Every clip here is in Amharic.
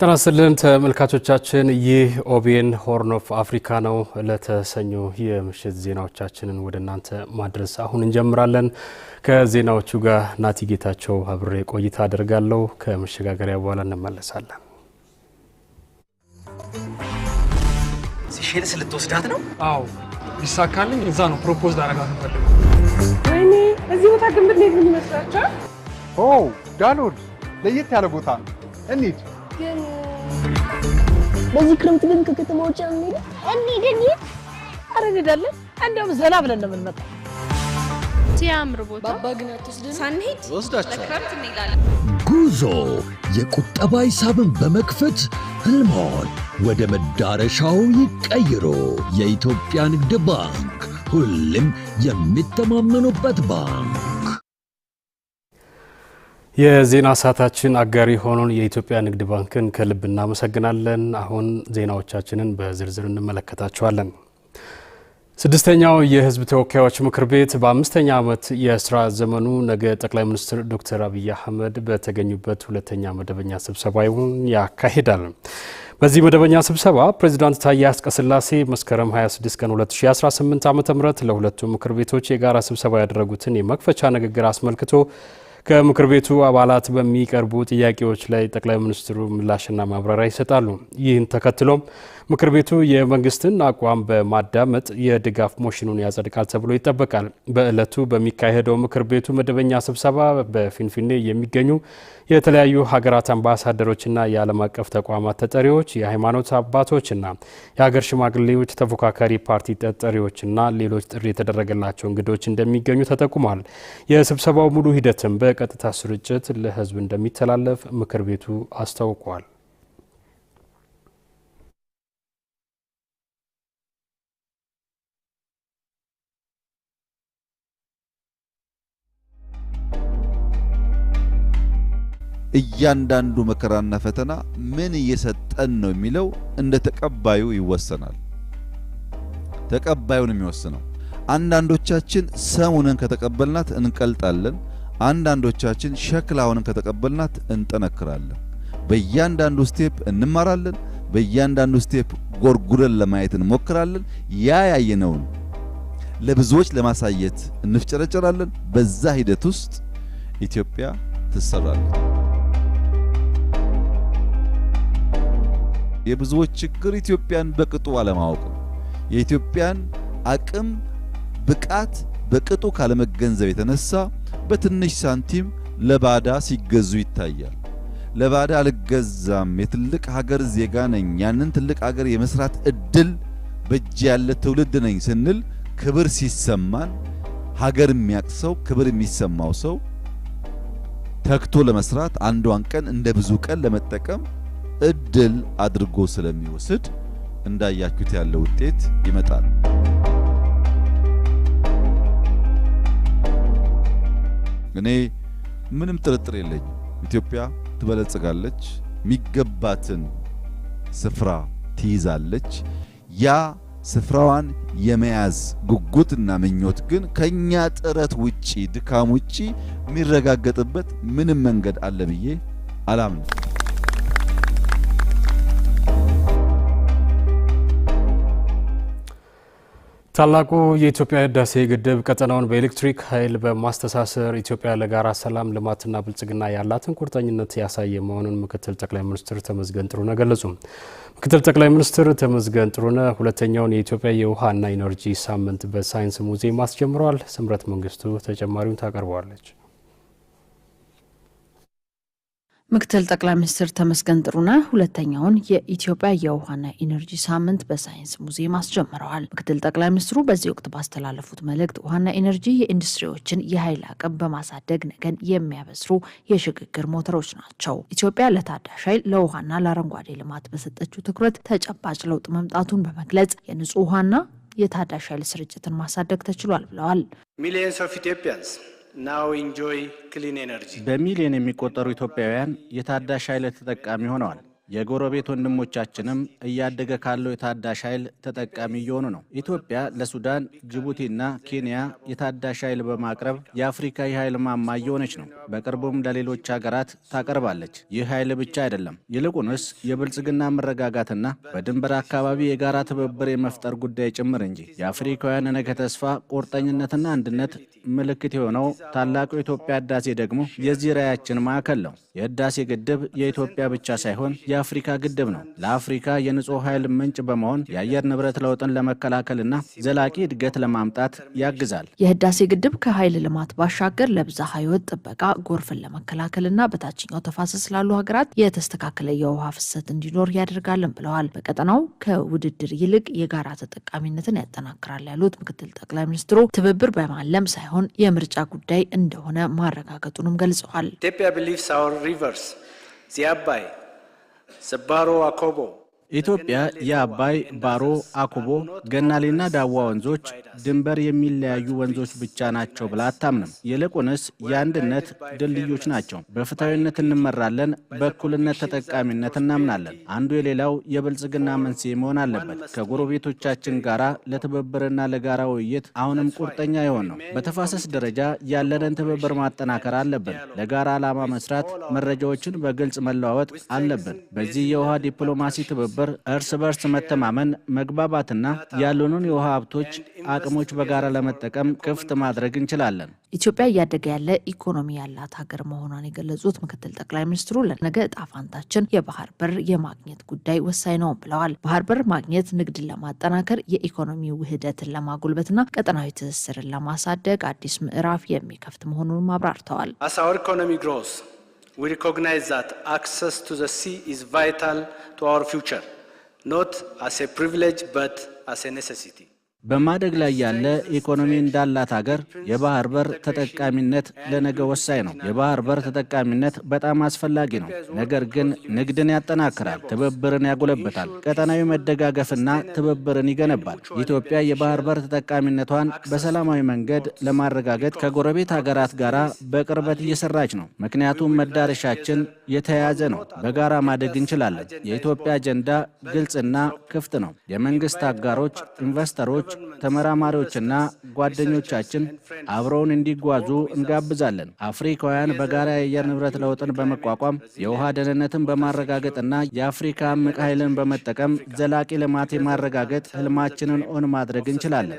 ጤና ይስጥልን ተመልካቾቻችን፣ ይህ ኦቢኤን ሆርን ኦፍ አፍሪካ ነው። ለተሰኞ የምሽት ዜናዎቻችንን ወደ እናንተ ማድረስ አሁን እንጀምራለን። ከዜናዎቹ ጋር ናቲ ጌታቸው አብሬ ቆይታ አደርጋለሁ። ከመሸጋገሪያ በኋላ እንመለሳለን። ሴሼልስ ልትወስዳት ነው? አዎ፣ ይሳካልኝ። እዛ ነው ፕሮፖዝ ላረጋት ፈልጉ። ወይኔ እዚህ ቦታ ግንብ ሌት ምን ይመስላቸዋል? ዳሎል ለየት ያለ ቦታ ነው። እንሂድ በዚህ ክረምት ግን ከከተማ ውጭ አንሄድ እንሄድን ይት አረጋጋለን። እንደውም ዘና ብለን ነው የምንመጣው። ሲያምር ቦታ ሳንሄድ ለክረምት እንሄዳለን። ጉዞ የቁጠባ ሂሳብን በመክፈት ህልሞን ወደ መዳረሻው ይቀይሩ። የኢትዮጵያ ንግድ ባንክ ሁሉም የሚተማመኑበት ባንክ የዜና ሰዓታችን አጋሪ የሆነውን የኢትዮጵያ ንግድ ባንክን ከልብ እናመሰግናለን። አሁን ዜናዎቻችንን በዝርዝር እንመለከታቸዋለን። ስድስተኛው የሕዝብ ተወካዮች ምክር ቤት በአምስተኛ ዓመት የስራ ዘመኑ ነገ ጠቅላይ ሚኒስትር ዶክተር አብይ አህመድ በተገኙበት ሁለተኛ መደበኛ ስብሰባውን ያካሂዳል። በዚህ መደበኛ ስብሰባ ፕሬዚዳንት ታዬ አጽቀሥላሴ መስከረም 26 ቀን 2018 ዓ ም ለሁለቱ ምክር ቤቶች የጋራ ስብሰባ ያደረጉትን የመክፈቻ ንግግር አስመልክቶ ከምክር ቤቱ አባላት በሚቀርቡ ጥያቄዎች ላይ ጠቅላይ ሚኒስትሩ ምላሽና ማብራሪያ ይሰጣሉ። ይህን ተከትሎም ምክር ቤቱ የመንግስትን አቋም በማዳመጥ የድጋፍ ሞሽኑን ያጸድቃል ተብሎ ይጠበቃል። በዕለቱ በሚካሄደው ምክር ቤቱ መደበኛ ስብሰባ በፊንፊኔ የሚገኙ የተለያዩ ሀገራት አምባሳደሮችና የዓለም አቀፍ ተቋማት ተጠሪዎች፣ የሃይማኖት አባቶችና የሀገር ሽማግሌዎች፣ ተፎካካሪ ፓርቲ ተጠሪዎችና ሌሎች ጥሪ የተደረገላቸው እንግዶች እንደሚገኙ ተጠቁሟል። የስብሰባው ሙሉ ሂደትም በቀጥታ ስርጭት ለህዝብ እንደሚተላለፍ ምክር ቤቱ አስታውቋል። እያንዳንዱ መከራና ፈተና ምን እየሰጠን ነው የሚለው እንደ ተቀባዩ ይወሰናል። ተቀባዩን የሚወስነው አንዳንዶቻችን ሰሙንን ከተቀበልናት እንቀልጣለን። አንዳንዶቻችን ሸክላውንም ከተቀበልናት እንጠነክራለን። በእያንዳንዱ ስቴፕ እንማራለን። በእያንዳንዱ ስቴፕ ጎርጉረን ለማየት እንሞክራለን። ያ ያየነውን ለብዙዎች ለማሳየት እንፍጨረጨራለን። በዛ ሂደት ውስጥ ኢትዮጵያ ትሰራለች። የብዙዎች ችግር ኢትዮጵያን በቅጡ አለማወቅ፣ የኢትዮጵያን አቅም ብቃት በቅጡ ካለመገንዘብ የተነሳ በትንሽ ሳንቲም ለባዳ ሲገዙ ይታያል። ለባዳ አልገዛም፣ የትልቅ ሀገር ዜጋ ነኝ፣ ያንን ትልቅ ሀገር የመስራት እድል በእጅ ያለ ትውልድ ነኝ ስንል ክብር ሲሰማን ሀገር የሚያቅሰው ክብር የሚሰማው ሰው ተግቶ ለመስራት አንዷን ቀን እንደ ብዙ ቀን ለመጠቀም እድል አድርጎ ስለሚወስድ እንዳያችሁት ያለ ውጤት ይመጣል። እኔ ምንም ጥርጥር የለኝም ኢትዮጵያ ትበለጽጋለች፣ የሚገባትን ስፍራ ትይዛለች። ያ ስፍራዋን የመያዝ ጉጉትና ምኞት ግን ከኛ ጥረት ውጪ፣ ድካም ውጪ የሚረጋገጥበት ምንም መንገድ አለ ብዬ አላምነው። ታላቁ የኢትዮጵያ ህዳሴ ግድብ ቀጠናውን በኤሌክትሪክ ኃይል በማስተሳሰር ኢትዮጵያ ለጋራ ሰላም ልማትና ብልጽግና ያላትን ቁርጠኝነት ያሳየ መሆኑን ምክትል ጠቅላይ ሚኒስትር ተመስገን ጥሩነ ገለጹ። ምክትል ጠቅላይ ሚኒስትር ተመስገን ጥሩነ ሁለተኛውን የኢትዮጵያ የውሃና ኢነርጂ ሳምንት በሳይንስ ሙዚየም አስጀምረዋል። ስምረት መንግስቱ ተጨማሪውን ታቀርበዋለች። ምክትል ጠቅላይ ሚኒስትር ተመስገን ጥሩነህ ሁለተኛውን የኢትዮጵያ የውሃና ኢነርጂ ሳምንት በሳይንስ ሙዚየም አስጀምረዋል። ምክትል ጠቅላይ ሚኒስትሩ በዚህ ወቅት ባስተላለፉት መልእክት ውሃና ኢነርጂ የኢንዱስትሪዎችን የኃይል አቅም በማሳደግ ነገን የሚያበስሩ የሽግግር ሞተሮች ናቸው። ኢትዮጵያ ለታዳሽ ኃይል ለውሃና ለአረንጓዴ ልማት በሰጠችው ትኩረት ተጨባጭ ለውጥ መምጣቱን በመግለጽ የንጹህ ውሃና የታዳሽ ኃይል ስርጭትን ማሳደግ ተችሏል ብለዋል። ሚሊየንስ ኦፍ ኢትዮጵያንስ በሚሊዮን የሚቆጠሩ ኢትዮጵያውያን የታዳሽ ኃይል ተጠቃሚ ሆነዋል። የጎረቤት ወንድሞቻችንም እያደገ ካለው የታዳሽ ኃይል ተጠቃሚ እየሆኑ ነው። ኢትዮጵያ ለሱዳን፣ ጅቡቲና ኬንያ የታዳሽ ኃይል በማቅረብ የአፍሪካ የኃይል ማማ እየሆነች ነው። በቅርቡም ለሌሎች ሀገራት ታቀርባለች። ይህ ኃይል ብቻ አይደለም፣ ይልቁንስ የብልጽግና መረጋጋትና በድንበር አካባቢ የጋራ ትብብር የመፍጠር ጉዳይ ጭምር እንጂ የአፍሪካውያን ነገ ተስፋ፣ ቁርጠኝነትና አንድነት ምልክት የሆነው ታላቁ የኢትዮጵያ ህዳሴ ደግሞ የዚህ ራዕያችን ማዕከል ነው። የህዳሴ ግድብ የኢትዮጵያ ብቻ ሳይሆን የአፍሪካ ግድብ ነው። ለአፍሪካ የንጹህ ኃይል ምንጭ በመሆን የአየር ንብረት ለውጥን ለመከላከልና ዘላቂ እድገት ለማምጣት ያግዛል። የህዳሴ ግድብ ከኃይል ልማት ባሻገር ለብዛ ህይወት ጥበቃ፣ ጎርፍን ለመከላከልና በታችኛው ተፋሰስ ላሉ ሀገራት የተስተካከለ የውሃ ፍሰት እንዲኖር ያደርጋልን ብለዋል። በቀጠናው ከውድድር ይልቅ የጋራ ተጠቃሚነትን ያጠናክራል ያሉት ምክትል ጠቅላይ ሚኒስትሩ ትብብር በማለም ሳይሆን የምርጫ ጉዳይ እንደሆነ ማረጋገጡንም ገልጸዋል። ኢትዮጵያ ቢሊቭስ አወር ሪቨርስ ዚ አባይ a Akobo. ኢትዮጵያ የአባይ፣ ባሮ፣ አኩቦ፣ ገናሌና ዳዋ ወንዞች ድንበር የሚለያዩ ወንዞች ብቻ ናቸው ብላ አታምንም። ይልቁንስ የአንድነት ድልድዮች ናቸው። በፍትሐዊነት እንመራለን፣ በእኩልነት ተጠቃሚነት እናምናለን። አንዱ የሌላው የብልጽግና መንስኤ መሆን አለበት። ከጎረቤቶቻችን ጋራ ለትብብርና ለጋራ ውይይት አሁንም ቁርጠኛ የሆን ነው። በተፋሰስ ደረጃ ያለንን ትብብር ማጠናከር አለብን። ለጋራ ዓላማ መስራት፣ መረጃዎችን በግልጽ መለዋወጥ አለብን። በዚህ የውሃ ዲፕሎማሲ ትብብር ትብብር፣ እርስ በርስ መተማመን፣ መግባባትና ያሉንን የውሃ ሀብቶች አቅሞች በጋራ ለመጠቀም ክፍት ማድረግ እንችላለን። ኢትዮጵያ እያደገ ያለ ኢኮኖሚ ያላት ሀገር መሆኗን የገለጹት ምክትል ጠቅላይ ሚኒስትሩ ለነገ እጣ ፋንታችን የባህር በር የማግኘት ጉዳይ ወሳኝ ነው ብለዋል። ባህር በር ማግኘት ንግድን ለማጠናከር፣ የኢኮኖሚ ውህደትን ለማጎልበትና ቀጠናዊ ትስስርን ለማሳደግ አዲስ ምዕራፍ የሚከፍት መሆኑንም አብራርተዋል። we recognize that access to the sea is vital to our future, not as a privilege, but as a necessity. በማደግ ላይ ያለ ኢኮኖሚ እንዳላት ሀገር የባህር በር ተጠቃሚነት ለነገ ወሳኝ ነው። የባህር በር ተጠቃሚነት በጣም አስፈላጊ ነው። ነገር ግን ንግድን ያጠናክራል፣ ትብብርን ያጎለበታል፣ ቀጠናዊ መደጋገፍና ትብብርን ይገነባል። ኢትዮጵያ የባህር በር ተጠቃሚነቷን በሰላማዊ መንገድ ለማረጋገጥ ከጎረቤት ሀገራት ጋር በቅርበት እየሰራች ነው። ምክንያቱም መዳረሻችን የተያያዘ ነው። በጋራ ማደግ እንችላለን። የኢትዮጵያ አጀንዳ ግልጽና ክፍት ነው። የመንግስት አጋሮች፣ ኢንቨስተሮች ተመራማሪዎችና ጓደኞቻችን አብረውን እንዲጓዙ እንጋብዛለን። አፍሪካውያን በጋራ የአየር ንብረት ለውጥን በመቋቋም የውሃ ደህንነትን በማረጋገጥና የአፍሪካ እምቅ ኃይልን በመጠቀም ዘላቂ ልማት የማረጋገጥ ህልማችንን ኦን ማድረግ እንችላለን።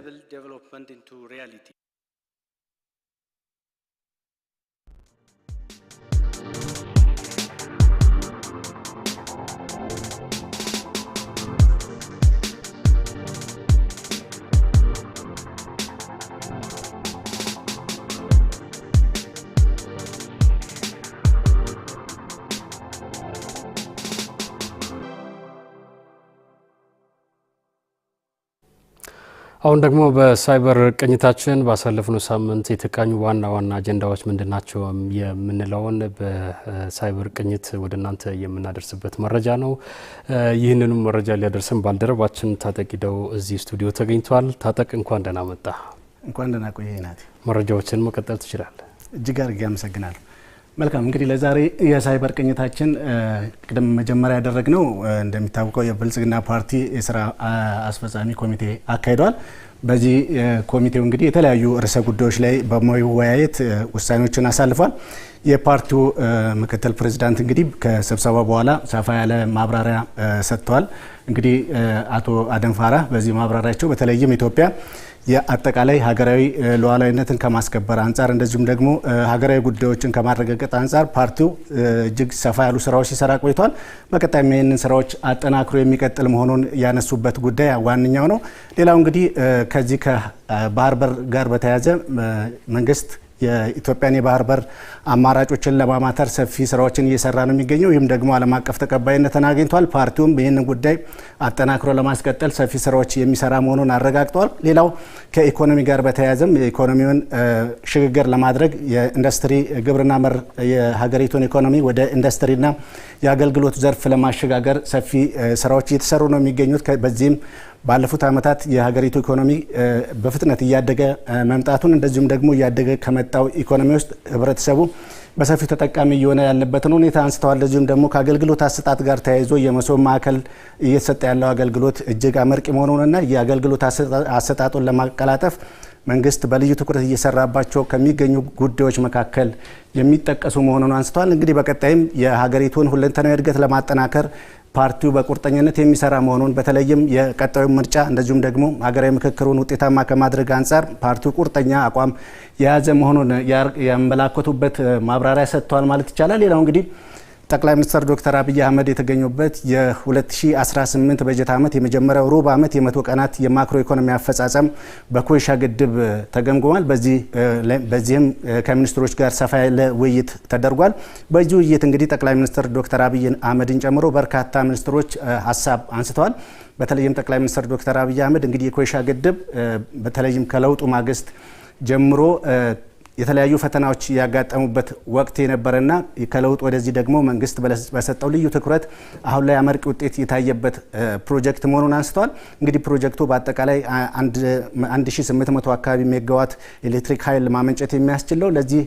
አሁን ደግሞ በሳይበር ቅኝታችን ባሳለፍነው ሳምንት የተቃኙ ዋና ዋና አጀንዳዎች ምንድናቸው የምንለውን በሳይበር ቅኝት ወደ እናንተ የምናደርስበት መረጃ ነው። ይህንንም መረጃ ሊያደርስን ባልደረባችን ታጠቅ እዚህ ስቱዲዮ ተገኝቷል። ታጠቅ እንኳን ደህና መጣ። እንኳን ደህና ቆየ ናት። መረጃዎችን መቀጠል ትችላል። እጅግ አድርጌ አመሰግናለሁ። መልካም እንግዲህ ለዛሬ የሳይበር ቅኝታችን ቅድም መጀመሪያ ያደረግነው እንደሚታወቀው የብልጽግና ፓርቲ የስራ አስፈጻሚ ኮሚቴ አካሂዷል። በዚህ ኮሚቴው እንግዲህ የተለያዩ ርዕሰ ጉዳዮች ላይ በመወያየት ውሳኔዎችን አሳልፏል። የፓርቲው ምክትል ፕሬዚዳንት እንግዲህ ከስብሰባ በኋላ ሰፋ ያለ ማብራሪያ ሰጥተዋል። እንግዲህ አቶ አደንፋራ በዚህ ማብራሪያቸው በተለይም ኢትዮጵያ የአጠቃላይ ሀገራዊ ሉዓላዊነትን ከማስከበር አንጻር እንደዚሁም ደግሞ ሀገራዊ ጉዳዮችን ከማረጋገጥ አንጻር ፓርቲው እጅግ ሰፋ ያሉ ስራዎች ሲሰራ ቆይቷል። በቀጣይም ይህንን ስራዎች አጠናክሮ የሚቀጥል መሆኑን ያነሱበት ጉዳይ ዋነኛው ነው። ሌላው እንግዲህ ከዚህ ከባህር በር ጋር በተያያዘ መንግስት የኢትዮጵያን የባህር በር አማራጮችን ለማማተር ሰፊ ስራዎችን እየሰራ ነው የሚገኘው። ይህም ደግሞ ዓለም አቀፍ ተቀባይነትን አግኝቷል። ፓርቲውም ይህንን ጉዳይ አጠናክሮ ለማስቀጠል ሰፊ ስራዎች የሚሰራ መሆኑን አረጋግጠዋል። ሌላው ከኢኮኖሚ ጋር በተያያዘም የኢኮኖሚውን ሽግግር ለማድረግ የኢንዱስትሪ ግብርና መር የሀገሪቱን ኢኮኖሚ ወደ ኢንዱስትሪና የአገልግሎት ዘርፍ ለማሸጋገር ሰፊ ስራዎች እየተሰሩ ነው የሚገኙት። በዚህም ባለፉት ዓመታት የሀገሪቱ ኢኮኖሚ በፍጥነት እያደገ መምጣቱን እንደዚሁም ደግሞ እያደገ ከመጣው ኢኮኖሚ ውስጥ ህብረተሰቡ በሰፊው ተጠቃሚ እየሆነ ያለበትን ሁኔታ አንስተዋል። እንደዚሁም ደግሞ ከአገልግሎት አሰጣጥ ጋር ተያይዞ የመሶብ ማዕከል እየተሰጠ ያለው አገልግሎት እጅግ አመርቂ መሆኑንና የአገልግሎት አሰጣጡን ለማቀላጠፍ መንግስት በልዩ ትኩረት እየሰራባቸው ከሚገኙ ጉዳዮች መካከል የሚጠቀሱ መሆኑን አንስተዋል። እንግዲህ በቀጣይም የሀገሪቱን ሁለንተናዊ እድገት ለማጠናከር ፓርቲው በቁርጠኝነት የሚሰራ መሆኑን በተለይም የቀጣዩ ምርጫ እንደዚሁም ደግሞ ሀገራዊ ምክክሩን ውጤታማ ከማድረግ አንጻር ፓርቲው ቁርጠኛ አቋም የያዘ መሆኑን ያመላከቱበት ማብራሪያ ሰጥተዋል ማለት ይቻላል። ሌላው እንግዲህ ጠቅላይ ሚኒስትር ዶክተር አብይ አህመድ የተገኙበት የ2018 በጀት ዓመት የመጀመሪያው ሩብ ዓመት የመቶ ቀናት የማክሮ ኢኮኖሚ አፈጻጸም በኮይሻ ግድብ ተገምግሟል። በዚህም ከሚኒስትሮች ጋር ሰፋ ያለ ውይይት ተደርጓል። በዚህ ውይይት እንግዲህ ጠቅላይ ሚኒስትር ዶክተር አብይ አህመድን ጨምሮ በርካታ ሚኒስትሮች ሀሳብ አንስተዋል። በተለይም ጠቅላይ ሚኒስትር ዶክተር አብይ አህመድ እንግዲህ የኮይሻ ግድብ በተለይም ከለውጡ ማግስት ጀምሮ የተለያዩ ፈተናዎች ያጋጠሙበት ወቅት የነበረና ከለውጥ ወደዚህ ደግሞ መንግስት በሰጠው ልዩ ትኩረት አሁን ላይ አመርቂ ውጤት የታየበት ፕሮጀክት መሆኑን አንስተዋል። እንግዲህ ፕሮጀክቱ በአጠቃላይ 1800 አካባቢ ሜጋዋት ኤሌክትሪክ ኃይል ማመንጨት የሚያስችል ነው። ለዚህ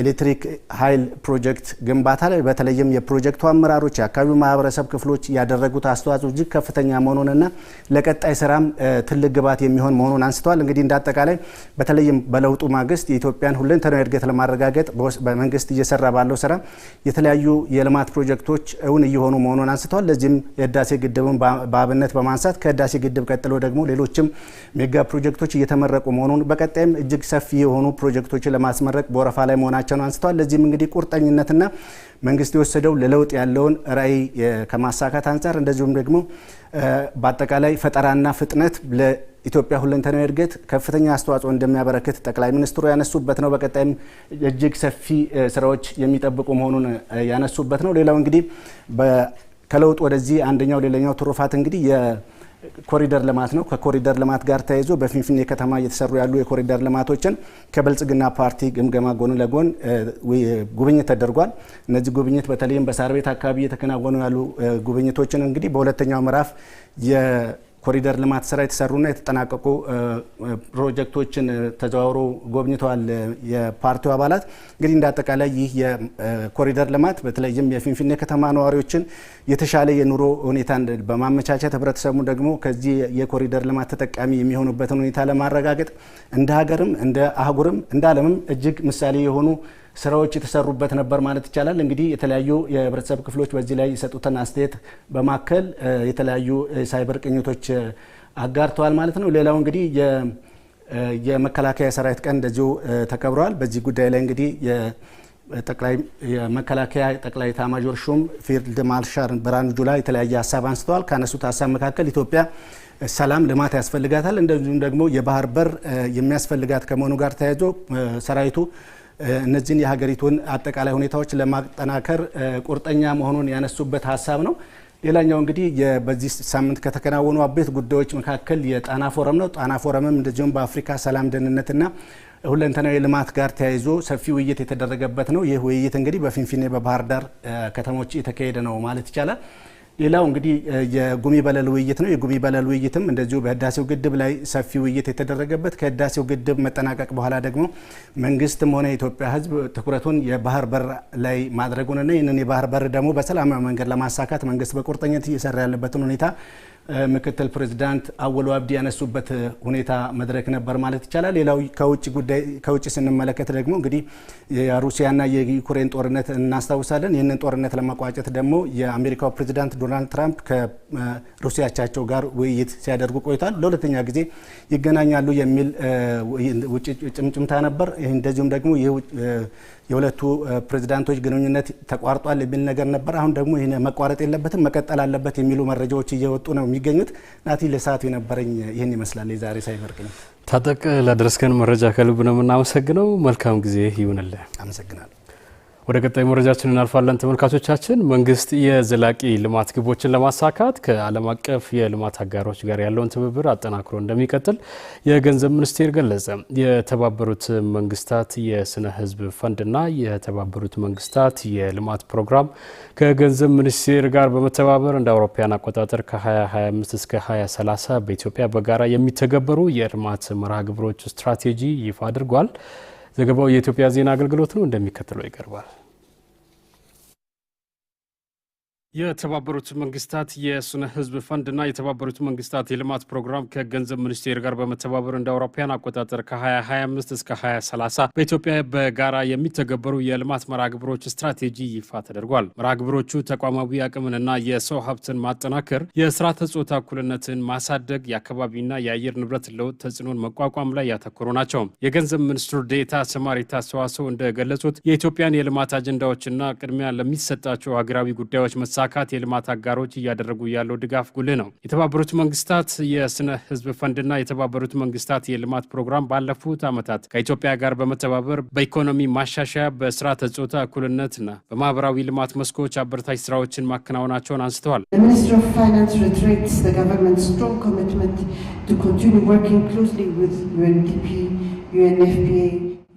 ኤሌክትሪክ ኃይል ፕሮጀክት ግንባታ ላይ በተለይም የፕሮጀክቱ አመራሮች፣ የአካባቢው ማህበረሰብ ክፍሎች ያደረጉት አስተዋጽኦ እጅግ ከፍተኛ መሆኑንና ለቀጣይ ስራም ትልቅ ግብዓት የሚሆን መሆኑን አንስተዋል። እንግዲህ እንዳጠቃላይ በተለይም በለውጡ ማግስት የኢትዮጵያን ሁለንተናዊ እድገት ለማረጋገጥ በመንግስት እየሰራ ባለው ስራ የተለያዩ የልማት ፕሮጀክቶች እውን እየሆኑ መሆኑን አንስተዋል። ለዚህም የህዳሴ ግድብን በአብነት በማንሳት ከህዳሴ ግድብ ቀጥሎ ደግሞ ሌሎችም ሜጋ ፕሮጀክቶች እየተመረቁ መሆኑን በቀጣይም እጅግ ሰፊ የሆኑ ፕሮጀክቶችን ለማስመረቅ በወረፋ ላይ መሆናቸውን አንስተዋል። ለዚህም እንግዲህ ቁርጠኝነትና መንግስት የወሰደው ለለውጥ ያለውን ራዕይ ከማሳካት አንጻር እንደዚሁም ደግሞ በአጠቃላይ ፈጠራና ፍጥነት ኢትዮጵያ ሁለንተናዊ እድገት ከፍተኛ አስተዋጽኦ እንደሚያበረክት ጠቅላይ ሚኒስትሩ ያነሱበት ነው። በቀጣይም እጅግ ሰፊ ስራዎች የሚጠብቁ መሆኑን ያነሱበት ነው። ሌላው እንግዲህ ከለውጥ ወደዚህ አንደኛው ሌላኛው ትሩፋት እንግዲህ ኮሪደር ልማት ነው። ከኮሪደር ልማት ጋር ተያይዞ በፊንፊኔ ከተማ እየተሰሩ ያሉ የኮሪደር ልማቶችን ከብልጽግና ፓርቲ ግምገማ ጎን ለጎን ጉብኝት ተደርጓል። እነዚህ ጉብኝት በተለይም በሳር ቤት አካባቢ እየተከናወኑ ያሉ ጉብኝቶችን እንግዲህ በሁለተኛው ምዕራፍ ኮሪደር ልማት ስራ የተሰሩና የተጠናቀቁ ፕሮጀክቶችን ተዘዋውሮ ጎብኝተዋል የፓርቲው አባላት። እንግዲህ እንዳጠቃላይ ይህ የኮሪደር ልማት በተለይም የፊንፊኔ ከተማ ነዋሪዎችን የተሻለ የኑሮ ሁኔታን በማመቻቸት ህብረተሰቡ ደግሞ ከዚህ የኮሪደር ልማት ተጠቃሚ የሚሆኑበትን ሁኔታ ለማረጋገጥ እንደ ሀገርም እንደ አህጉርም እንደ ዓለምም እጅግ ምሳሌ የሆኑ ስራዎች የተሰሩበት ነበር ማለት ይቻላል። እንግዲህ የተለያዩ የህብረተሰብ ክፍሎች በዚህ ላይ የሰጡትን አስተያየት በማከል የተለያዩ ሳይበር ቅኝቶች አጋርተዋል ማለት ነው። ሌላው እንግዲህ የመከላከያ ሰራዊት ቀን እንደዚሁ ተከብረዋል። በዚህ ጉዳይ ላይ እንግዲህ የመከላከያ ጠቅላይ ኤታማዦር ሹም ፊልድ ማርሻል ብርሃኑ ጁላ የተለያየ ሀሳብ አንስተዋል። ካነሱት ሀሳብ መካከል ኢትዮጵያ ሰላም፣ ልማት ያስፈልጋታል እንደዚሁም ደግሞ የባህር በር የሚያስፈልጋት ከመሆኑ ጋር ተያይዞ ሰራዊቱ እነዚህን የሀገሪቱን አጠቃላይ ሁኔታዎች ለማጠናከር ቁርጠኛ መሆኑን ያነሱበት ሀሳብ ነው። ሌላኛው እንግዲህ በዚህ ሳምንት ከተከናወኑ አበይት ጉዳዮች መካከል የጣና ፎረም ነው። ጣና ፎረምም እንደዚሁም በአፍሪካ ሰላም ደህንነትና ሁለንተናዊ ልማት ጋር ተያይዞ ሰፊ ውይይት የተደረገበት ነው። ይህ ውይይት እንግዲህ በፊንፊኔ በባህር ዳር ከተሞች የተካሄደ ነው ማለት ይቻላል። ሌላው እንግዲህ የጉሚ በለል ውይይት ነው። የጉሚ በለል ውይይትም እንደዚሁ በህዳሴው ግድብ ላይ ሰፊ ውይይት የተደረገበት ከህዳሴው ግድብ መጠናቀቅ በኋላ ደግሞ መንግስትም ሆነ የኢትዮጵያ ህዝብ ትኩረቱን የባህር በር ላይ ማድረጉንና ይህንን የባህር በር ደግሞ በሰላማዊ መንገድ ለማሳካት መንግስት በቁርጠኝነት እየሰራ ያለበትን ሁኔታ ምክትል ፕሬዚዳንት አወሎ አብዲ ያነሱበት ሁኔታ መድረክ ነበር ማለት ይቻላል። ሌላው ከውጭ ጉዳይ ከውጭ ስንመለከት ደግሞ እንግዲህ የሩሲያና የዩክሬን ጦርነት እናስታውሳለን። ይህንን ጦርነት ለማቋጨት ደግሞ የአሜሪካው ፕሬዚዳንት ዶናልድ ትራምፕ ከሩሲያቻቸው ጋር ውይይት ሲያደርጉ ቆይቷል። ለሁለተኛ ጊዜ ይገናኛሉ የሚል ጭምጭምታ ነበር። እንደዚሁም ደግሞ የሁለቱ ፕሬዚዳንቶች ግንኙነት ተቋርጧል የሚል ነገር ነበር። አሁን ደግሞ ይህ መቋረጥ የለበትም መቀጠል አለበት የሚሉ መረጃዎች እየወጡ ነው የሚገኙት። ናቲ፣ ለሰዓቱ የነበረኝ ይህን ይመስላል። የዛሬ ሳይበርቅ ታጠቅ፣ ለደረስከን መረጃ ከልብ ነው የምናመሰግነው። መልካም ጊዜ ይሁንልህ። አመሰግናለሁ። ወደ ቀጣይ መረጃችን እናልፋለን። ተመልካቾቻችን መንግስት የዘላቂ ልማት ግቦችን ለማሳካት ከዓለም አቀፍ የልማት አጋሮች ጋር ያለውን ትብብር አጠናክሮ እንደሚቀጥል የገንዘብ ሚኒስቴር ገለጸ። የተባበሩት መንግስታት የስነ ህዝብ ፈንድና የተባበሩት መንግስታት የልማት ፕሮግራም ከገንዘብ ሚኒስቴር ጋር በመተባበር እንደ አውሮፓውያን አቆጣጠር ከ2025 እስከ 2030 በኢትዮጵያ በጋራ የሚተገበሩ የልማት መርሃ ግብሮች ስትራቴጂ ይፋ አድርጓል። ዘገባው የኢትዮጵያ ዜና አገልግሎት ነው፣ እንደሚከተለው ይቀርባል። የተባበሩት መንግስታት የስነ ህዝብ ፈንድ ና የተባበሩት መንግስታት የልማት ፕሮግራም ከገንዘብ ሚኒስቴር ጋር በመተባበር እንደ አውሮፓውያን አቆጣጠር ከ2025 እስከ 2030 በኢትዮጵያ በጋራ የሚተገበሩ የልማት መራግብሮች ስትራቴጂ ይፋ ተደርጓል። መራግብሮቹ ተቋማዊ አቅምንና የሰው ሀብትን ማጠናከር፣ የስራ ጾታ እኩልነትን ማሳደግ፣ የአካባቢና የአየር ንብረት ለውጥ ተጽዕኖን መቋቋም ላይ ያተኮሩ ናቸው። የገንዘብ ሚኒስትሩ ዴታ ሰማሪት አስተዋሰው እንደገለጹት የኢትዮጵያን የልማት አጀንዳዎችና ቅድሚያ ለሚሰጣቸው ሀገራዊ ጉዳዮች መሳ ለማሳካት የልማት አጋሮች እያደረጉ ያለው ድጋፍ ጉልህ ነው። የተባበሩት መንግስታት የስነ ህዝብ ፈንድና የተባበሩት መንግስታት የልማት ፕሮግራም ባለፉት ዓመታት ከኢትዮጵያ ጋር በመተባበር በኢኮኖሚ ማሻሻያ፣ በስራ ጾታ እኩልነትና በማህበራዊ ልማት መስኮች አበረታች ስራዎችን ማከናወናቸውን አንስተዋል። ሚኒስትር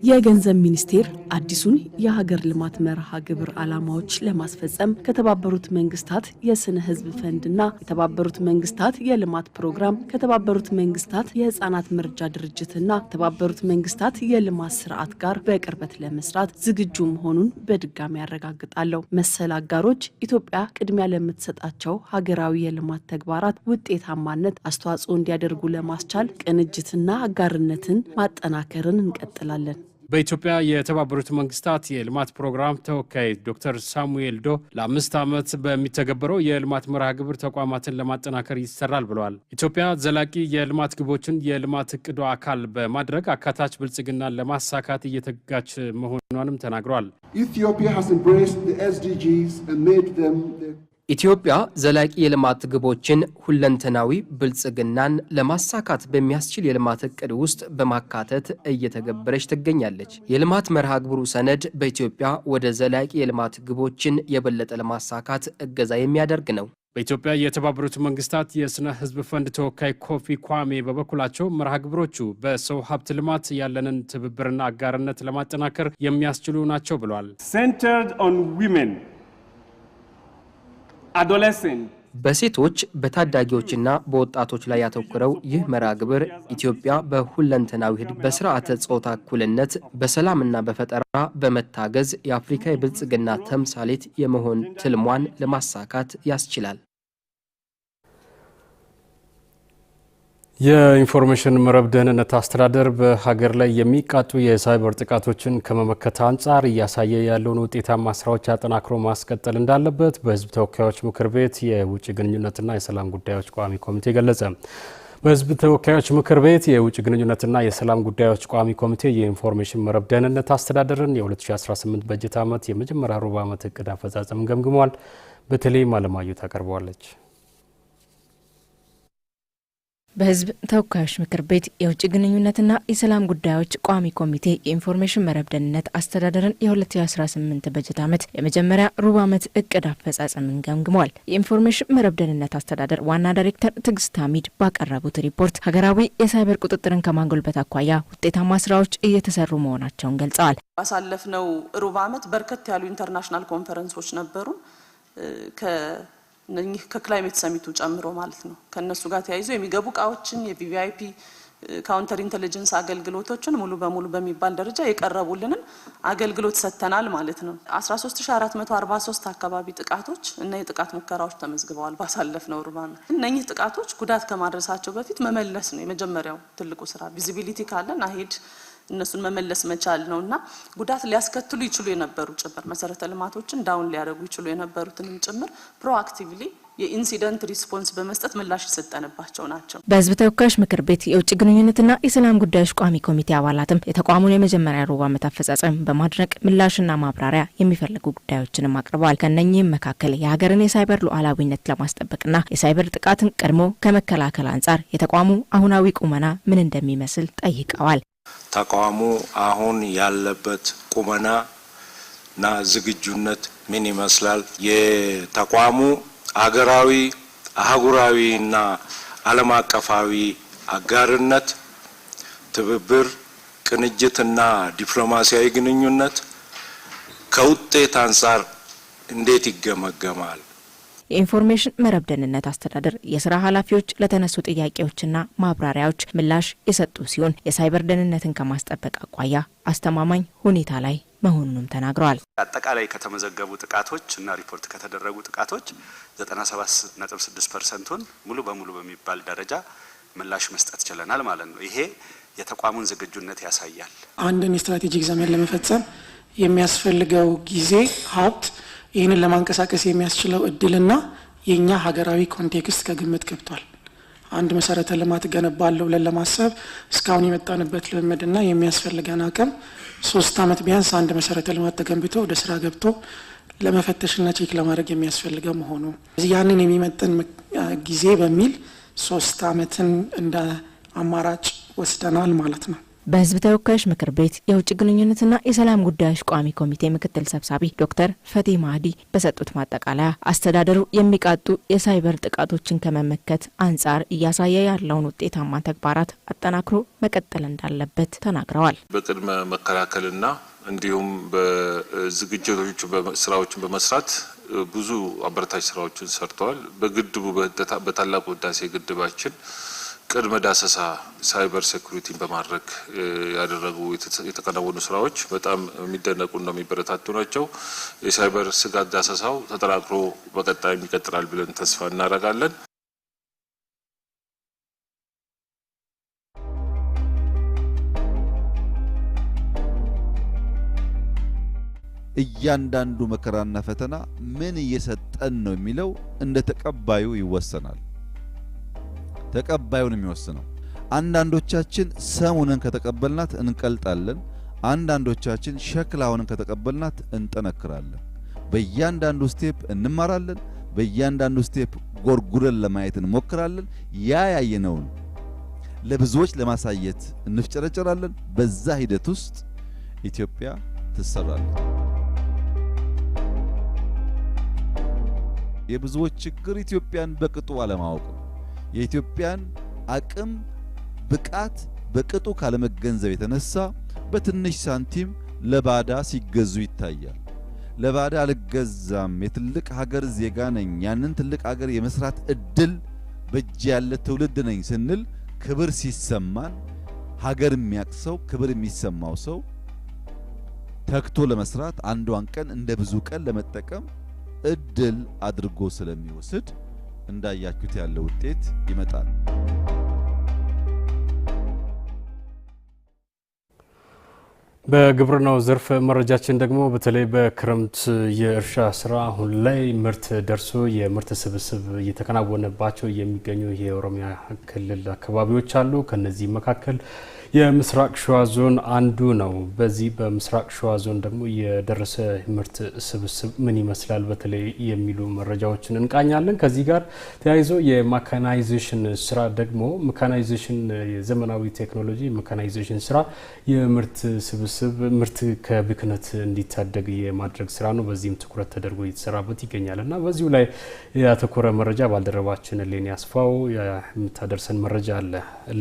የገንዘብ ሚኒስቴር አዲሱን የሀገር ልማት መርሃ ግብር ዓላማዎች ለማስፈጸም ከተባበሩት መንግስታት የስነ ህዝብ ፈንድና የተባበሩት መንግስታት የልማት ፕሮግራም ከተባበሩት መንግስታት የህፃናት መርጃ ድርጅትና የተባበሩት መንግስታት የልማት ስርዓት ጋር በቅርበት ለመስራት ዝግጁ መሆኑን በድጋሚ ያረጋግጣለሁ። መሰል አጋሮች ኢትዮጵያ ቅድሚያ ለምትሰጣቸው ሀገራዊ የልማት ተግባራት ውጤታማነት አስተዋጽኦ እንዲያደርጉ ለማስቻል ቅንጅትና አጋርነትን ማጠናከርን እንቀጥላለን። በኢትዮጵያ የተባበሩት መንግስታት የልማት ፕሮግራም ተወካይ ዶክተር ሳሙኤል ዶ ለአምስት ዓመት በሚተገበረው የልማት መርሃ ግብር ተቋማትን ለማጠናከር ይሰራል ብለዋል። ኢትዮጵያ ዘላቂ የልማት ግቦችን የልማት እቅዶ አካል በማድረግ አካታች ብልጽግናን ለማሳካት እየተጋች መሆኗንም ተናግረዋል። ኢትዮጵያ ዘላቂ የልማት ግቦችን ሁለንተናዊ ብልጽግናን ለማሳካት በሚያስችል የልማት እቅድ ውስጥ በማካተት እየተገበረች ትገኛለች። የልማት መርሃ ግብሩ ሰነድ በኢትዮጵያ ወደ ዘላቂ የልማት ግቦችን የበለጠ ለማሳካት እገዛ የሚያደርግ ነው። በኢትዮጵያ የተባበሩት መንግስታት የስነ ህዝብ ፈንድ ተወካይ ኮፊ ኳሜ በበኩላቸው መርሃ ግብሮቹ በሰው ሀብት ልማት ያለንን ትብብርና አጋርነት ለማጠናከር የሚያስችሉ ናቸው ብሏል። adolescent በሴቶች በታዳጊዎችና በወጣቶች ላይ ያተኮረው ይህ መርሃ ግብር ኢትዮጵያ በሁለንተናዊ ህድ በስርዓተ ጾታ እኩልነት በሰላምና በፈጠራ በመታገዝ የአፍሪካ የብልጽግና ተምሳሌት የመሆን ትልሟን ለማሳካት ያስችላል። የኢንፎርሜሽን መረብ ደህንነት አስተዳደር በሀገር ላይ የሚቃጡ የሳይበር ጥቃቶችን ከመመከት አንጻር እያሳየ ያለውን ውጤታማ ስራዎች አጠናክሮ ማስቀጠል እንዳለበት በሕዝብ ተወካዮች ምክር ቤት የውጭ ግንኙነትና የሰላም ጉዳዮች ቋሚ ኮሚቴ ገለጸ። በሕዝብ ተወካዮች ምክር ቤት የውጭ ግንኙነትና የሰላም ጉዳዮች ቋሚ ኮሚቴ የኢንፎርሜሽን መረብ ደህንነት አስተዳደርን የ2018 በጀት ዓመት የመጀመሪያ ሩብ ዓመት እቅድ አፈጻጸም ገምግሟል። በተለይም አለማየሁ ታቀርበዋለች። በሕዝብ ተወካዮች ምክር ቤት የውጭ ግንኙነትና የሰላም ጉዳዮች ቋሚ ኮሚቴ የኢንፎርሜሽን መረብ ደህንነት አስተዳደርን የ2018 በጀት ዓመት የመጀመሪያ ሩብ ዓመት እቅድ አፈጻጸምን ገምግመዋል። የኢንፎርሜሽን መረብ ደህንነት አስተዳደር ዋና ዳይሬክተር ትግስት ሀሚድ ባቀረቡት ሪፖርት ሀገራዊ የሳይበር ቁጥጥርን ከማንጎልበት አኳያ ውጤታማ ስራዎች እየተሰሩ መሆናቸውን ገልጸዋል። ባሳለፍነው ሩብ ዓመት በርከት ያሉ ኢንተርናሽናል ኮንፈረንሶች ነበሩ። እነኚህ ከክላይሜት ሰሚቱ ጨምሮ ማለት ነው። ከእነሱ ጋር ተያይዞ የሚገቡ እቃዎችን የቪቪአይፒ ካውንተር ኢንቴሊጀንስ አገልግሎቶችን ሙሉ በሙሉ በሚባል ደረጃ የቀረቡልንን አገልግሎት ሰጥተናል ማለት ነው። 13443 አካባቢ ጥቃቶች እና የጥቃት ሙከራዎች ተመዝግበዋል ባሳለፍነው ሩብ ዓመት። እነኚህ ጥቃቶች ጉዳት ከማድረሳቸው በፊት መመለስ ነው የመጀመሪያው ትልቁ ስራ። ቪዚቢሊቲ ካለን አሄድ እነሱን መመለስ መቻል ነው እና ጉዳት ሊያስከትሉ ይችሉ የነበሩ ጭምር መሰረተ ልማቶችን ዳውን ሊያደርጉ ይችሉ የነበሩትንም ጭምር ፕሮአክቲቭሊ የኢንሲደንት ሪስፖንስ በመስጠት ምላሽ የሰጠንባቸው ናቸው። በህዝብ ተወካዮች ምክር ቤት የውጭ ግንኙነትና የሰላም ጉዳዮች ቋሚ ኮሚቴ አባላትም የተቋሙን የመጀመሪያ ሩብ ዓመት አፈጻጸም በማድነቅ ምላሽና ማብራሪያ የሚፈልጉ ጉዳዮችንም አቅርበዋል። ከነኚህም መካከል የሀገርን የሳይበር ሉዓላዊነት ለማስጠበቅና የሳይበር ጥቃትን ቀድሞ ከመከላከል አንጻር የተቋሙ አሁናዊ ቁመና ምን እንደሚመስል ጠይቀዋል። ተቋሙ አሁን ያለበት ቁመና እና ዝግጁነት ምን ይመስላል? የተቋሙ አገራዊ፣ አህጉራዊ እና ዓለም አቀፋዊ አጋርነት፣ ትብብር፣ ቅንጅትና ዲፕሎማሲያዊ ግንኙነት ከውጤት አንጻር እንዴት ይገመገማል? የኢንፎርሜሽን መረብ ደህንነት አስተዳደር የስራ ኃላፊዎች ለተነሱ ጥያቄዎችና ማብራሪያዎች ምላሽ የሰጡ ሲሆን የሳይበር ደህንነትን ከማስጠበቅ አኳያ አስተማማኝ ሁኔታ ላይ መሆኑንም ተናግረዋል። አጠቃላይ ከተመዘገቡ ጥቃቶች እና ሪፖርት ከተደረጉ ጥቃቶች 97.6 ፐርሰንቱን ሙሉ በሙሉ በሚባል ደረጃ ምላሽ መስጠት ችለናል ማለት ነው። ይሄ የተቋሙን ዝግጁነት ያሳያል። አንድን የስትራቴጂክ ዘመን ለመፈጸም የሚያስፈልገው ጊዜ፣ ሀብት ይህንን ለማንቀሳቀስ የሚያስችለው እድልና የእኛ ሀገራዊ ኮንቴክስት ከግምት ገብቷል። አንድ መሰረተ ልማት ገነባለው ብለን ለማሰብ እስካሁን የመጣንበት ልምምድና የሚያስፈልገን አቅም ሶስት አመት ቢያንስ አንድ መሰረተ ልማት ተገንብቶ ወደ ስራ ገብቶ ለመፈተሽና ቼክ ለማድረግ የሚያስፈልገው መሆኑ ያንን የሚመጥን ጊዜ በሚል ሶስት አመትን እንደ አማራጭ ወስደናል ማለት ነው። በህዝብ ተወካዮች ምክር ቤት የውጭ ግንኙነትና የሰላም ጉዳዮች ቋሚ ኮሚቴ ምክትል ሰብሳቢ ዶክተር ፈቲህ ማህዲ በሰጡት ማጠቃለያ አስተዳደሩ የሚቃጡ የሳይበር ጥቃቶችን ከመመከት አንጻር እያሳየ ያለውን ውጤታማ ተግባራት አጠናክሮ መቀጠል እንዳለበት ተናግረዋል። በቅድመ መከላከልና እንዲሁም በዝግጅቶች ስራዎችን በመስራት ብዙ አበረታች ስራዎችን ሰርተዋል። በግድቡ በታላቁ ህዳሴ ግድባችን ቅድመ ዳሰሳ ሳይበር ሴኩሪቲን በማድረግ ያደረጉ የተከናወኑ ስራዎች በጣም የሚደነቁና የሚበረታቱ ናቸው። የሳይበር ስጋት ዳሰሳው ተጠናክሮ በቀጣይም ይቀጥላል ብለን ተስፋ እናደርጋለን። እያንዳንዱ መከራና ፈተና ምን እየሰጠን ነው የሚለው እንደ ተቀባዩ ይወሰናል። ተቀባዩን የሚወስነው። አንዳንዶቻችን ሰሙንን ከተቀበልናት እንቀልጣለን። አንዳንዶቻችን ሸክላውንን ከተቀበልናት እንጠነክራለን። በእያንዳንዱ ስቴፕ እንማራለን። በእያንዳንዱ ስቴፕ ጎርጉረን ለማየት እንሞክራለን። ያ ያየነውን ለብዙዎች ለማሳየት እንፍጨረጨራለን። በዛ ሂደት ውስጥ ኢትዮጵያ ትሰራለች። የብዙዎች ችግር ኢትዮጵያን በቅጡ አለማወቅ የኢትዮጵያን አቅም ብቃት በቅጡ ካለመገንዘብ የተነሳ በትንሽ ሳንቲም ለባዳ ሲገዙ ይታያል። ለባዳ አልገዛም፣ የትልቅ ሀገር ዜጋ ነኝ፣ ያንን ትልቅ ሀገር የመስራት እድል በእጅ ያለ ትውልድ ነኝ ስንል ክብር ሲሰማን ሀገር የሚያቅሰው ክብር የሚሰማው ሰው ተክቶ ለመስራት አንዷን ቀን እንደ ብዙ ቀን ለመጠቀም እድል አድርጎ ስለሚወስድ እንዳያችሁት ያለ ውጤት ይመጣል። በግብርናው ዘርፍ መረጃችን ደግሞ በተለይ በክረምት የእርሻ ስራ አሁን ላይ ምርት ደርሶ የምርት ስብስብ እየተከናወነባቸው የሚገኙ የኦሮሚያ ክልል አካባቢዎች አሉ። ከነዚህ መካከል የምስራቅ ሸዋ ዞን አንዱ ነው። በዚህ በምስራቅ ሸዋ ዞን ደግሞ የደረሰ ምርት ስብስብ ምን ይመስላል በተለይ የሚሉ መረጃዎችን እንቃኛለን። ከዚህ ጋር ተያይዞ የማካናይዜሽን ስራ ደግሞ መካናይዜሽን የዘመናዊ ቴክኖሎጂ መካናይዜሽን ስራ የምርት ስብስብ ምርት ከብክነት እንዲታደግ የማድረግ ስራ ነው። በዚህም ትኩረት ተደርጎ እየተሰራበት ይገኛል እና በዚሁ ላይ ያተኮረ መረጃ ባልደረባችን ሌኒ አስፋው የምታደርሰን መረጃ አለ።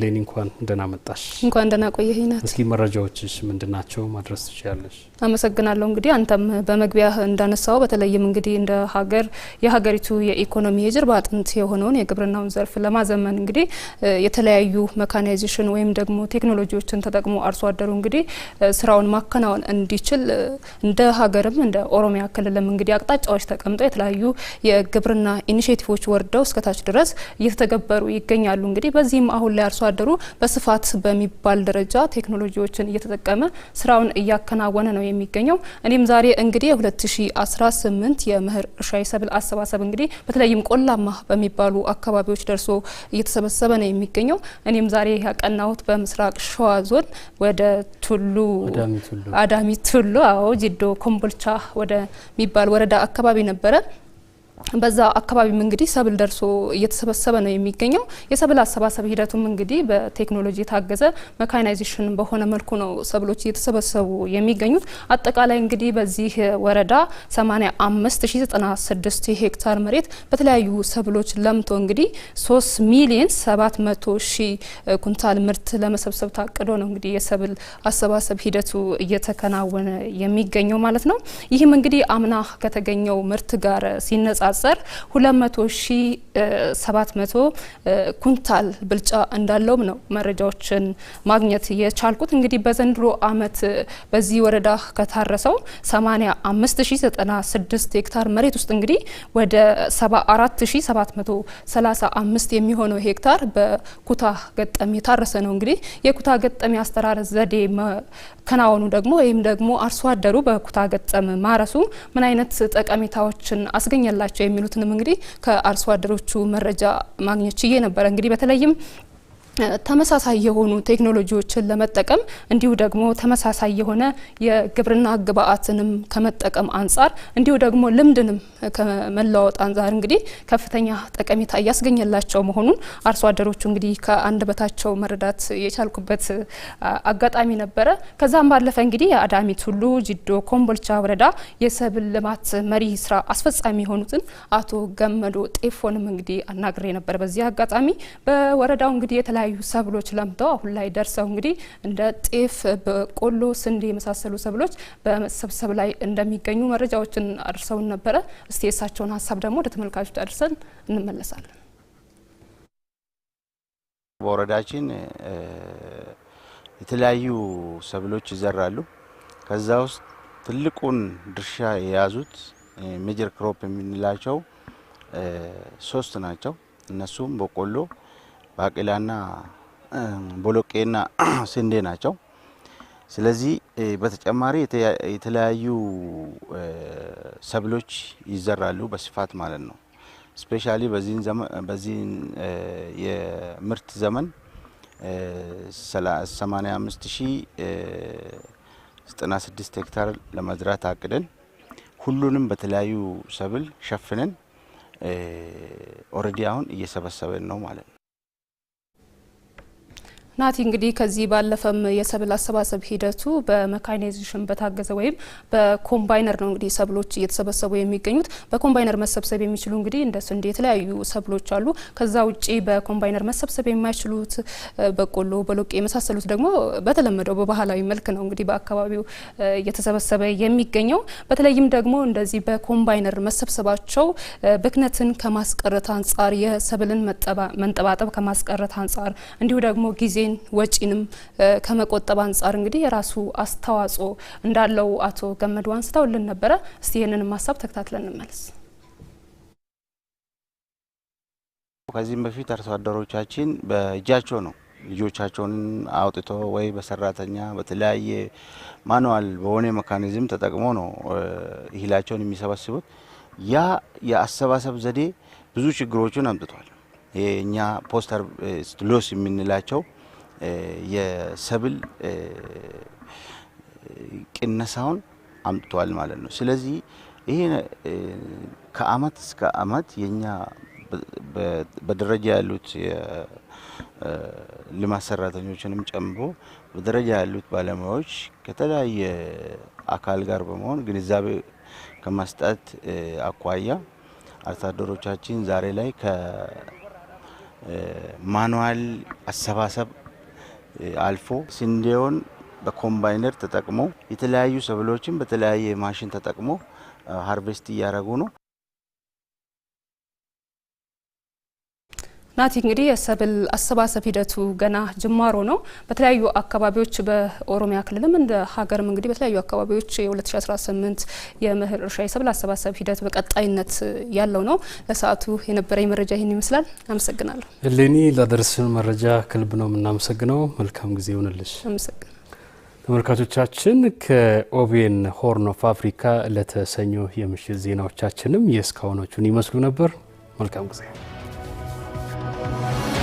ሌኒ እንኳን ደህና መጣሽ። እንደና ቆየህ ናት። እስኪ መረጃዎችሽ ምንድናቸው ማድረስ ትችላለሽ? አመሰግናለሁ። እንግዲህ አንተም በመግቢያ እንዳነሳው በተለይም እንግዲህ እንደ ሀገር የሀገሪቱ የኢኮኖሚ የጀርባ አጥንት የሆነውን የግብርናውን ዘርፍ ለማዘመን እንግዲህ የተለያዩ መካናይዜሽን ወይም ደግሞ ቴክኖሎጂዎችን ተጠቅሞ አርሶ አደሩ እንግዲህ ስራውን ማከናወን እንዲችል እንደ ሀገርም እንደ ኦሮሚያ ክልልም እንግዲህ አቅጣጫዎች ተቀምጠው የተለያዩ የግብርና ኢኒሽቲቮች ወርደው እስከታች ድረስ እየተተገበሩ ይገኛሉ። እንግዲህ በዚህም አሁን ላይ አርሶ አደሩ በስፋት በሚባል በሚባል ደረጃ ቴክኖሎጂዎችን እየተጠቀመ ስራውን እያከናወነ ነው የሚገኘው። እኔም ዛሬ እንግዲህ የ2018 የመኸር እርሻ የሰብል አሰባሰብ እንግዲህ በተለይም ቆላማ በሚባሉ አካባቢዎች ደርሶ እየተሰበሰበ ነው የሚገኘው። እኔም ዛሬ ያቀናሁት በምስራቅ ሸዋ ዞን ወደ ቱሉ አዳሚ ቱሉ፣ አዎ ጂዶ ኮምቦልቻ ወደ ሚባል ወረዳ አካባቢ ነበረ። በዛ አካባቢም እንግዲህ ሰብል ደርሶ እየተሰበሰበ ነው የሚገኘው። የሰብል አሰባሰብ ሂደቱም እንግዲህ በቴክኖሎጂ የታገዘ መካናይዜሽን በሆነ መልኩ ነው ሰብሎች እየተሰበሰቡ የሚገኙት። አጠቃላይ እንግዲህ በዚህ ወረዳ 85096 ሄክታር መሬት በተለያዩ ሰብሎች ለምቶ እንግዲህ 3 ሚሊዮን 700 ሺህ ኩንታል ምርት ለመሰብሰብ ታቅዶ ነው እንግዲህ የሰብል አሰባሰብ ሂደቱ እየተከናወነ የሚገኘው ማለት ነው። ይህም እንግዲህ አምና ከተገኘው ምርት ጋር ሲነጻ ሲነጻጸር 20700 ኩንታል ብልጫ እንዳለውም ነው መረጃዎችን ማግኘት የቻልኩት። እንግዲህ በዘንድሮ ዓመት በዚህ ወረዳ ከታረሰው 85096 ሄክታር መሬት ውስጥ እንግዲህ ወደ 74735 የሚሆነው ሄክታር በኩታ ገጠም የታረሰ ነው። እንግዲህ የኩታ ገጠም የአስተራረስ ዘዴ ከናወኑ ደግሞ ወይም ደግሞ አርሶ አደሩ በኩታ ገጠም ማረሱ ምን አይነት ጠቀሜታዎችን አስገኘላቸው የሚሉትንም እንግዲህ ከአርሶ አደሮቹ መረጃ ማግኘት ችዬ ነበረ። እንግዲህ በተለይም ተመሳሳይ የሆኑ ቴክኖሎጂዎችን ለመጠቀም እንዲሁ ደግሞ ተመሳሳይ የሆነ የግብርና ግብአትንም ከመጠቀም አንጻር እንዲሁ ደግሞ ልምድንም ከመለዋወጥ አንጻር እንግዲህ ከፍተኛ ጠቀሜታ እያስገኘላቸው መሆኑን አርሶ አደሮቹ እንግዲህ ከአንድ በታቸው መረዳት የቻልኩበት አጋጣሚ ነበረ። ከዛም ባለፈ እንግዲህ የአዳሚ ቱሉ ጂዶ ኮምቦልቻ ወረዳ የሰብል ልማት መሪ ስራ አስፈጻሚ የሆኑትን አቶ ገመዶ ጤፎንም እንግዲህ አናግሬ ነበር። በዚህ አጋጣሚ በወረዳው እንግዲህ የተለያዩ የተለያዩ ሰብሎች ለምተው አሁን ላይ ደርሰው እንግዲህ እንደ ጤፍ፣ በቆሎ፣ ስንዴ የመሳሰሉ ሰብሎች በመሰብሰብ ላይ እንደሚገኙ መረጃዎችን አድርሰውን ነበረ። እስቲ የእሳቸውን ሀሳብ ደግሞ ወደ ተመልካቾች አድርሰን እንመለሳለን። በወረዳችን የተለያዩ ሰብሎች ይዘራሉ። ከዛ ውስጥ ትልቁን ድርሻ የያዙት ሜጀር ክሮፕ የምንላቸው ሶስት ናቸው። እነሱም በቆሎ ባቄላና ቦሎቄና ስንዴ ናቸው። ስለዚህ በተጨማሪ የተለያዩ ሰብሎች ይዘራሉ በስፋት ማለት ነው። ስፔሻሊ በዚህ የምርት ዘመን 85096 ሄክታር ለመዝራት አቅደን ሁሉንም በተለያዩ ሰብል ሸፍነን ኦልሬዲ አሁን እየሰበሰበን ነው ማለት ነው። ናቲ እንግዲህ ከዚህ ባለፈም የሰብል አሰባሰብ ሂደቱ በመካኒዜሽን በታገዘ ወይም በኮምባይነር ነው እንግዲህ ሰብሎች እየተሰበሰቡ የሚገኙት። በኮምባይነር መሰብሰብ የሚችሉ እንግዲህ እንደ ስንዴ የተለያዩ ሰብሎች አሉ። ከዛ ውጪ በኮምባይነር መሰብሰብ የማይችሉት በቆሎ፣ በሎቄ የመሳሰሉት ደግሞ በተለመደው በባህላዊ መልክ ነው እንግዲህ በአካባቢው እየተሰበሰበ የሚገኘው። በተለይም ደግሞ እንደዚህ በኮምባይነር መሰብሰባቸው ብክነትን ከማስቀረት አንጻር፣ የሰብልን መንጠባጠብ ከማስቀረት አንጻር እንዲሁ ደግሞ ጊዜ ጊዜን ወጪንም ከመቆጠብ አንጻር እንግዲህ የራሱ አስተዋጽኦ እንዳለው አቶ ገመዱ አንስተውልን ነበረ። እስቲ ይህንንም ሀሳብ ተከታትለን እንመለስ። ከዚህም በፊት አርሶ አደሮቻችን በእጃቸው ነው ልጆቻቸውን አውጥቶ ወይ በሰራተኛ በተለያየ ማኑዋል በሆነ መካኒዝም ተጠቅሞ ነው እህላቸውን የሚሰበስቡት። ያ የአሰባሰብ ዘዴ ብዙ ችግሮችን አምጥቷል። የእኛ ፖስተር ሎስ የምንላቸው የሰብል ቅነሳውን አምጥቷል ማለት ነው። ስለዚህ ይሄ ከአመት እስከ አመት የኛ በደረጃ ያሉት የልማት ሰራተኞችንም ጨምሮ በደረጃ ያሉት ባለሙያዎች ከተለያየ አካል ጋር በመሆን ግንዛቤ ከማስጣት አኳያ አርሶ አደሮቻችን ዛሬ ላይ ከማኑዋል አሰባሰብ አልፎ ስንዴውን በኮምባይነር ተጠቅሞ የተለያዩ ሰብሎችን በተለያየ ማሽን ተጠቅሞ ሀርቬስት እያደረጉ ነው። ናቲ እንግዲህ የሰብል አሰባሰብ ሂደቱ ገና ጅማሮ ነው። በተለያዩ አካባቢዎች በኦሮሚያ ክልልም እንደ ሀገርም እንግዲህ በተለያዩ አካባቢዎች የ2018 የመኸር እርሻ የሰብል አሰባሰብ ሂደት በቀጣይነት ያለው ነው። ለሰዓቱ የነበረኝ መረጃ ይህን ይመስላል። አመሰግናለሁ። እሌኒ ላደረስሽን መረጃ ክልብ ነው የምናመሰግነው። መልካም ጊዜ ይሆንልሽ። ተመልካቾቻችን ከኦቤን ሆርን ኦፍ አፍሪካ ለተሰኘው የምሽት ዜናዎቻችንም የእስካሁኖቹን ይመስሉ ነበር። መልካም ጊዜ Música